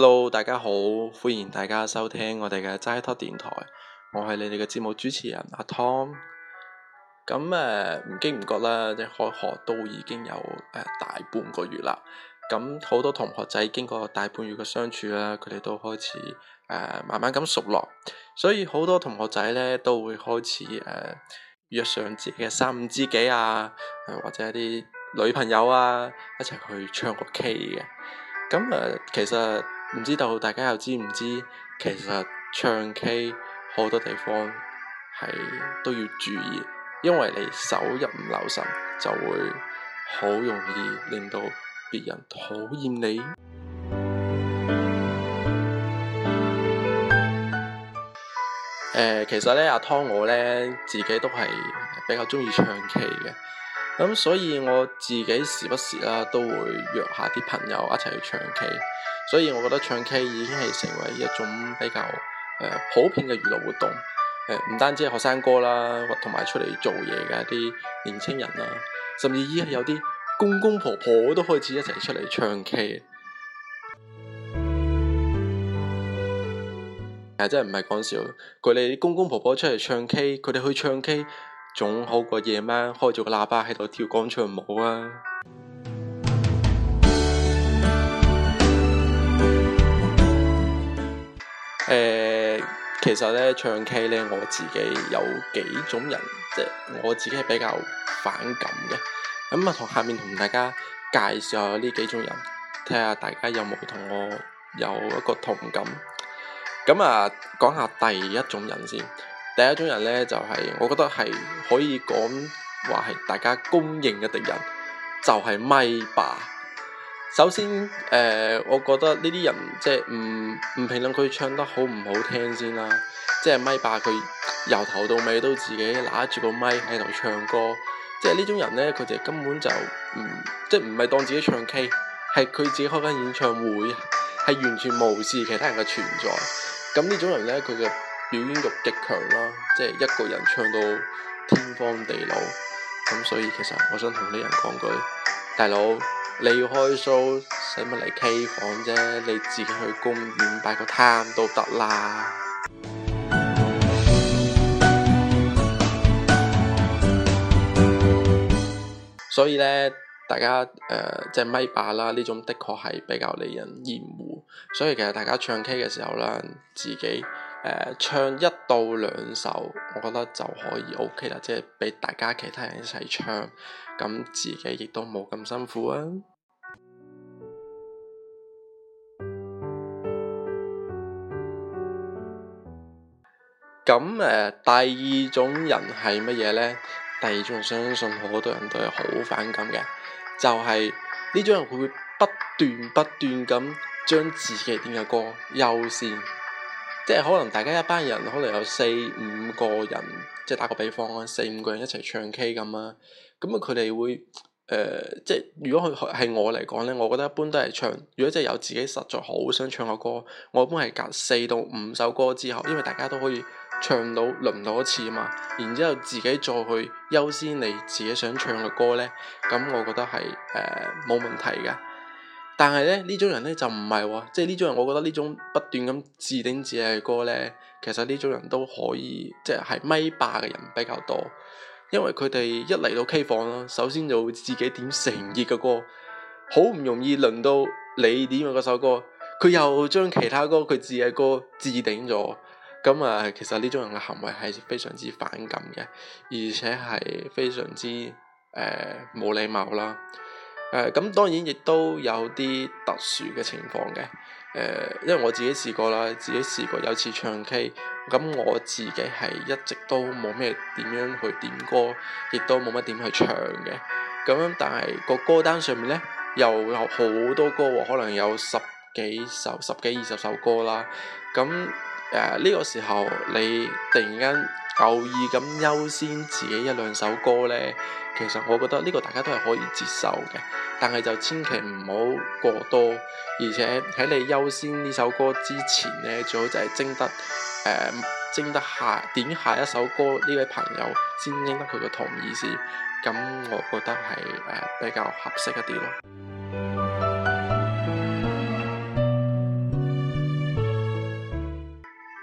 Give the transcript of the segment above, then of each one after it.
hello，大家好，歡迎大家收聽我哋嘅齋 Talk 電台，我係你哋嘅節目主持人阿 Tom。咁誒，唔經唔覺啦，即係開學都已經有誒、呃、大半個月啦。咁好多同學仔經過大半月嘅相處啦，佢哋都開始誒、呃、慢慢咁熟絡，所以好多同學仔咧都會開始誒、呃、約上自己嘅三五知己啊，或者一啲女朋友啊，一齊去唱個 K 嘅。咁誒、呃，其實～唔知道大家又知唔知，其實唱 K 好多地方係都要注意，因為你手一唔留神，就會好容易令到別人討厭你。 呃，其實呢，阿湯我呢，自己都係比較中意唱 K 嘅，咁所以我自己時不時啦都會約下啲朋友一齊去唱 K。所以，我覺得唱 K 已經係成為一種比較誒、呃、普遍嘅娛樂活動。唔、呃、單止係學生哥啦，同埋出嚟做嘢嘅一啲年青人啦，甚至依家有啲公公婆、婆婆都開始一齊出嚟唱 K。 啊、真係唔係講笑，佢哋公公婆婆出嚟唱 K，佢哋去唱 K 總好過夜晚開咗個喇叭喺度跳廣場舞啊！誒、呃，其實咧唱 K 咧，我自己有幾種人，即係我自己係比較反感嘅。咁、嗯、啊，同下面同大家介紹下呢幾種人，睇下大家有冇同我有一個同感。咁、嗯、啊，講下第一種人先。第一種人咧，就係、是、我覺得係可以講話係大家公認嘅敵人，就係咪霸。首先，誒、呃，我覺得呢啲人即係唔唔評論佢唱得好唔好聽先啦，即係麥霸佢由頭到尾都自己拿住個麥喺度唱歌，即係呢種人咧，佢就根本就唔即係唔係當自己唱 K，係佢自己開緊演唱會，係完全無視其他人嘅存在。咁呢種人咧，佢嘅表演欲極強啦，即係一個人唱到天荒地老。咁所以其實我想同啲人講句，大佬。你要開 show，使乜嚟 K 房啫？你自己去公園擺個攤都得啦。所以呢，大家誒、呃、即係咪霸啦，呢種的確係比較令人厭惡。所以其實大家唱 K 嘅時候呢，自己。呃、唱一到兩首，我覺得就可以 OK 啦，即係俾大家其他人一齊唱，咁自己亦都冇咁辛苦啦、啊。咁誒、嗯呃，第二種人係乜嘢呢？第二種人相信好多人都係好反感嘅，就係、係、呢種人佢會不斷不斷咁將自己啲嘅歌優先。即係可能大家一班人，可能有四五個人，即係打個比方啊，四五個人一齊唱 K 咁啊。咁啊佢哋會誒，即係如果佢係我嚟講咧，我覺得一般都係唱。如果真係有自己實在好想唱嘅歌，我一般係隔四到五首歌之後，因為大家都可以唱到輪到一次啊嘛。然之後自己再去優先你自己想唱嘅歌咧，咁我覺得係誒冇問題嘅。但係咧，呢種人咧就唔係喎，即係呢種人，我覺得呢種不斷咁置頂置頂嘅歌咧，其實呢種人都可以，即係咪霸嘅人比較多，因為佢哋一嚟到 K 房啦，首先就會自己點成熱嘅歌，好唔容易輪到你點嘅嗰首歌，佢又將其他歌佢自己嘅歌置頂咗，咁、嗯、啊，其實呢種人嘅行為係非常之反感嘅，而且係非常之誒冇禮貌啦。誒咁、呃、當然亦都有啲特殊嘅情況嘅，誒、呃、因為我自己試過啦，自己試過有次唱 K，咁我自己係一直都冇咩點樣去點歌，亦都冇乜點去唱嘅，咁但係個歌單上面呢，又有好多歌喎，可能有十幾首、十幾二十首歌啦，咁誒呢個時候你突然間，偶爾咁優先自己一兩首歌呢，其實我覺得呢個大家都係可以接受嘅，但係就千祈唔好過多，而且喺你優先呢首歌之前呢，最好就係徵得誒徵、呃、得下點下一首歌呢位朋友先徵得佢嘅同意先，咁我覺得係誒、呃、比較合適一啲咯。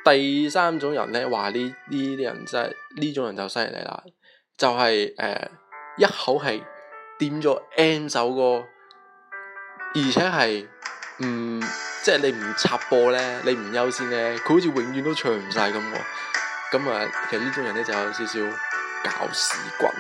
第三種人呢，話呢，呢啲人真係，呢種人就犀利啦，就係、是、誒、呃、一口氣點咗 N 首歌，而且係唔，即係你唔插播呢，你唔優先呢，佢好似永遠都唱唔晒咁喎。咁啊，其實呢種人咧就有少少搞屎棍。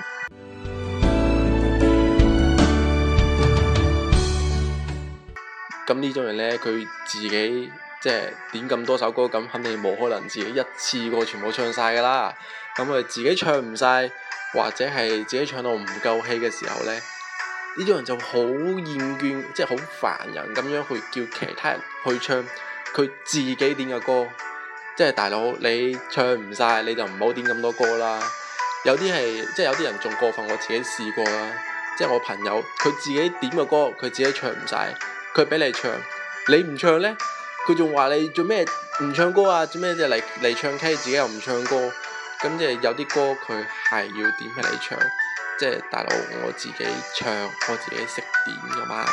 咁呢 種人咧，佢自己。即係點咁多首歌咁，肯定冇可能自己一次過全部唱晒㗎啦。咁、嗯、佢自己唱唔晒，或者係自己唱到唔夠氣嘅時候呢，呢種人就好厭倦，即係好煩人咁樣去叫其他人去唱佢自己點嘅歌。即係大佬，你唱唔晒，你就唔好點咁多歌啦。有啲係即係有啲人仲過分，我自己試過啦，即係我朋友佢自己點嘅歌，佢自己唱唔晒，佢俾你唱，你唔唱呢。佢仲話你做咩唔唱歌啊？做咩即係嚟嚟唱 K，自己又唔唱歌，咁即係有啲歌佢係要點起嚟唱，即係大佬我自己唱，我自己識點噶嘛。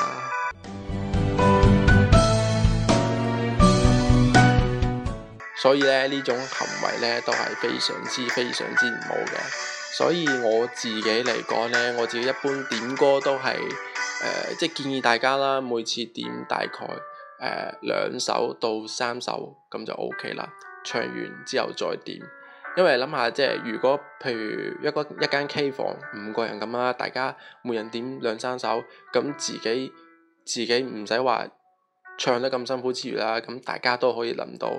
所以咧呢種行為咧都係非常之非常之唔好嘅。所以我自己嚟講咧，我自己一般點歌都係誒，即係建議大家啦，每次點大概。誒、呃、兩首到三首咁就 OK 啦，唱完之後再點，因為諗下即係如果譬如一個一間 K 房五個人咁啦，大家每人點兩三首，咁自己自己唔使話唱得咁辛苦之餘啦，咁大家都可以諗到，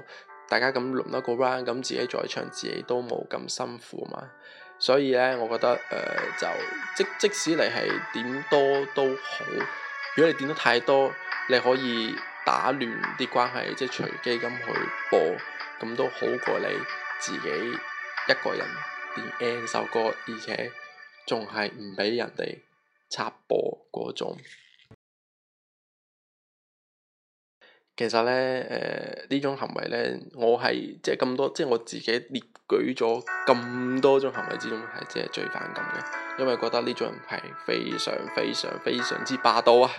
大家咁輪一個 round，咁自己再唱自己都冇咁辛苦嘛。所以呢，我覺得誒、呃、就即即使你係點多都好，如果你點得太多，你可以，打亂啲關係，即係隨機咁去播，咁都好過你自己一個人連 N 首歌，而且仲係唔畀人哋插播嗰種。其實呢，誒、呃、呢種行為呢，我係即係咁多，即係我自己列舉咗咁多種行為之中，係即係最反感嘅，因為覺得呢種人係非常非常非常之霸道啊！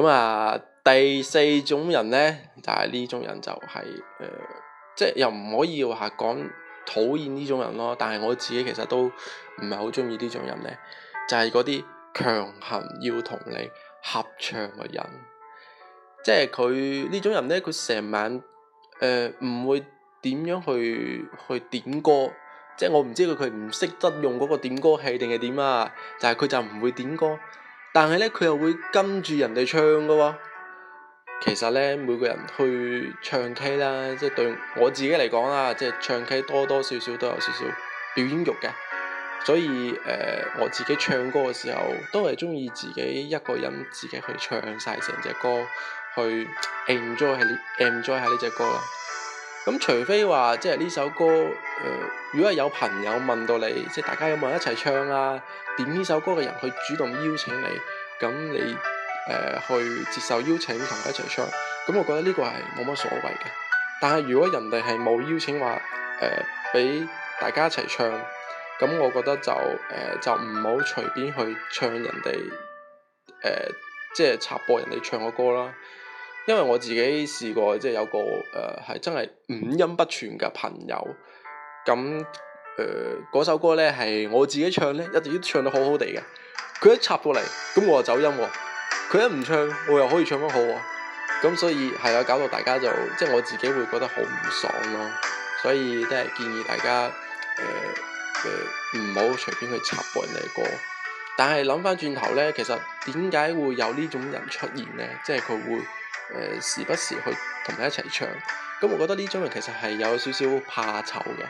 咁啊、嗯，第四種人呢，就係、是、呢種人就係、是呃、即係又唔可以話講討厭呢種人咯。但係我自己其實都唔係好鍾意呢種人呢，就係嗰啲強行要同你合唱嘅人。即係佢呢種人呢，佢成晚誒唔、呃、會點樣去去點歌。即係我唔知佢佢唔識得用嗰個點歌器定係點啊。但係佢就唔會點歌。但係咧，佢又會跟住人哋唱㗎喎。其實咧，每個人去唱 K 啦，即係對我自己嚟講啦，即係唱 K 多多少少都有少少表演欲嘅。所以誒、呃，我自己唱歌嘅時候，都係鍾意自己一個人自己去唱晒成隻歌，去 enjoy 下呢 enjoy 下呢隻歌啦。咁除非話即係呢首歌，誒、呃，如果係有朋友問到你，即係大家有冇人一齊唱啊？點呢首歌嘅人去主動邀請你，咁你誒、呃、去接受邀請同佢一齊唱。咁我覺得呢個係冇乜所謂嘅。但係如果人哋係冇邀請話，誒、呃，俾大家一齊唱，咁我覺得就誒、呃、就唔好隨便去唱人哋，誒、呃，即係插播人哋唱嘅歌啦。因為我自己試過，即係有個誒係、呃、真係五音不全嘅朋友，咁誒嗰首歌咧係我自己唱咧，一直都唱得好好地嘅。佢一插過嚟，咁我又走音，佢一唔唱，我又可以唱得好。咁所以係啊，有搞到大家就即係我自己會覺得好唔爽咯。所以都係建議大家誒誒唔好隨便去插播人哋嘅歌。但係諗翻轉頭咧，其實點解會有呢種人出現咧？即係佢會。誒時不時去同佢一齊唱，咁我覺得呢種人其實係有少少怕醜嘅，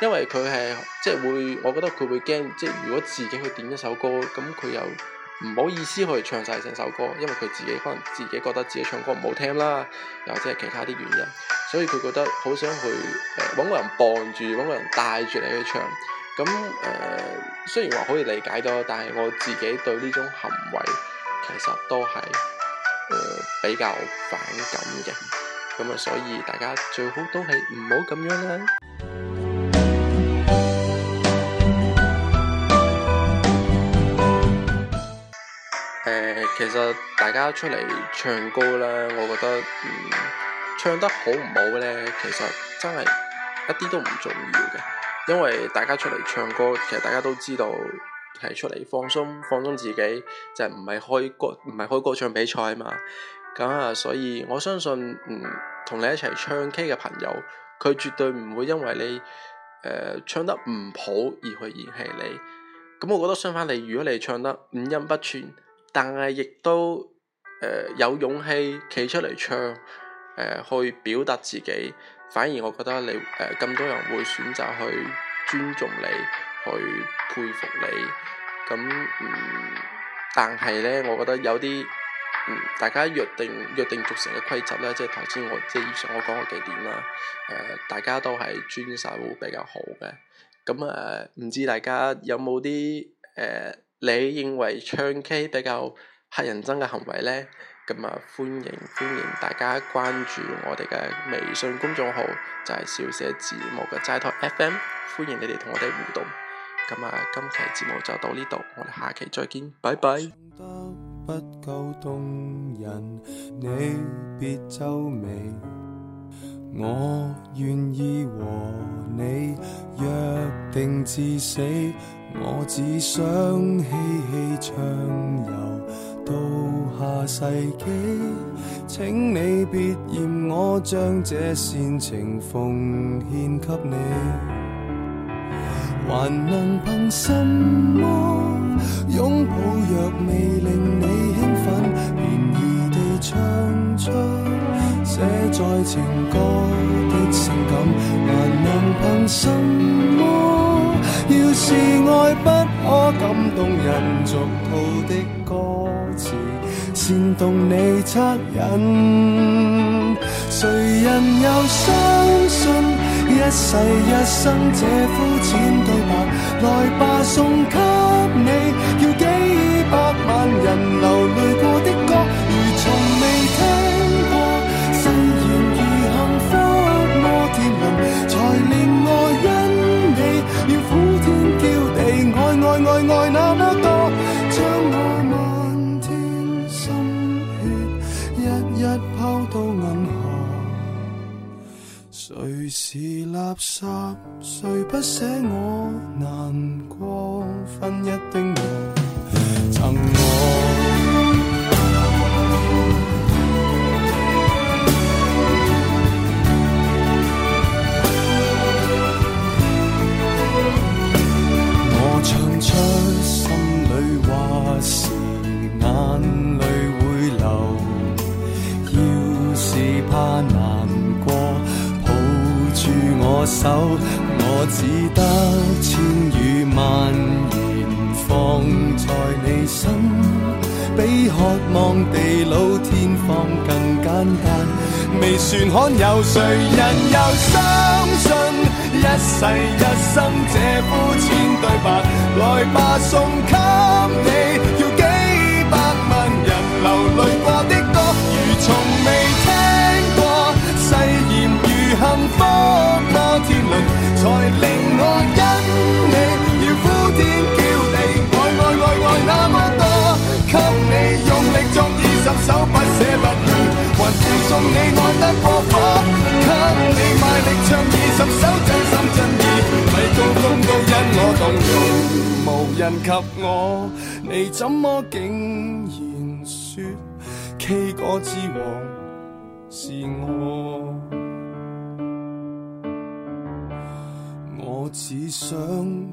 因為佢係即係會，我覺得佢會驚，即係如果自己去點一首歌，咁佢又唔好意思去唱晒成首歌，因為佢自己可能自己覺得自己唱歌唔好聽啦，又或者係其他啲原因，所以佢覺得好想去誒揾個人傍住，揾個人帶住你去唱。咁誒雖然話可以理解到，但係我自己對呢種行為其實都係。呃、比較反感嘅，咁、嗯、啊，所以大家最好都係唔好咁樣啦。誒、呃，其實大家出嚟唱歌啦，我覺得、嗯、唱得好唔好咧，其實真係一啲都唔重要嘅，因為大家出嚟唱歌，其實大家都知道。係出嚟放鬆，放鬆自己，就係唔係開歌，唔係開歌唱比賽啊嘛。咁啊，所以我相信，嗯，同你一齊唱 K 嘅朋友，佢絕對唔會因為你誒、呃、唱得唔好而去嫌棄你。咁我覺得相反，你如果你唱得五音不全，但係亦都誒、呃、有勇氣企出嚟唱，誒、呃、去表達自己，反而我覺得你誒更、呃、多人會選擇去尊重你。去佩服你，咁嗯，但係咧，我覺得有啲嗯，大家約定約定俗成嘅規則咧，即係頭先我即係以上我講嘅幾點啦，誒，大家都係遵守比較好嘅，咁誒，唔知大家有冇啲誒，你認為唱 K 比較乞人憎嘅行為咧？咁啊，歡迎歡迎大家關注我哋嘅微信公眾號，就係小寫字幕嘅齋台 FM，歡迎你哋同我哋互動。今日今期節目就到呢度，我哋下期再見，拜拜。覺得不夠動人，你別皺眉。我願意和你約定至死，我只想嬉戲唱遊到下世紀。請你別嫌我將這煽情奉獻給你還能憑什麼擁抱若未令你興奮，便宜地唱出寫在情歌的情感，還能憑什麼？要是愛不可感動人俗套的歌詞煽動你惻隱，誰人又相信？一世一生，這膚淺對白，來吧，送給你，叫幾百萬人流淚。比渴望地老天荒更簡單，未算罕有，誰人又相信一世一生這膚淺對白？來吧，送給你，叫幾百萬人流淚過的歌，如從未聽過，誓言如幸福摩天輪，才令我因你。你愛得過火，火，靠你賣力唱二十首真心真意，咪高峰都因我動容，無人及我，你怎麼竟然説 K 歌之王是我？我只想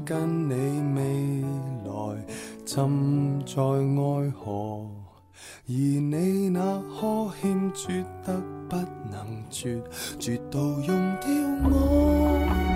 跟你未來浸在愛河。而你那呵欠，絕得不能絕，絕到溶掉我。